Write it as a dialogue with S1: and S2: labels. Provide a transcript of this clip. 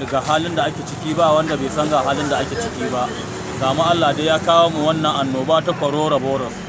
S1: daga halin da ake ciki ba wanda bai san ga halin da ake ciki ba. Gama Allah dai ya kawo mu wannan annoba ta corona virus.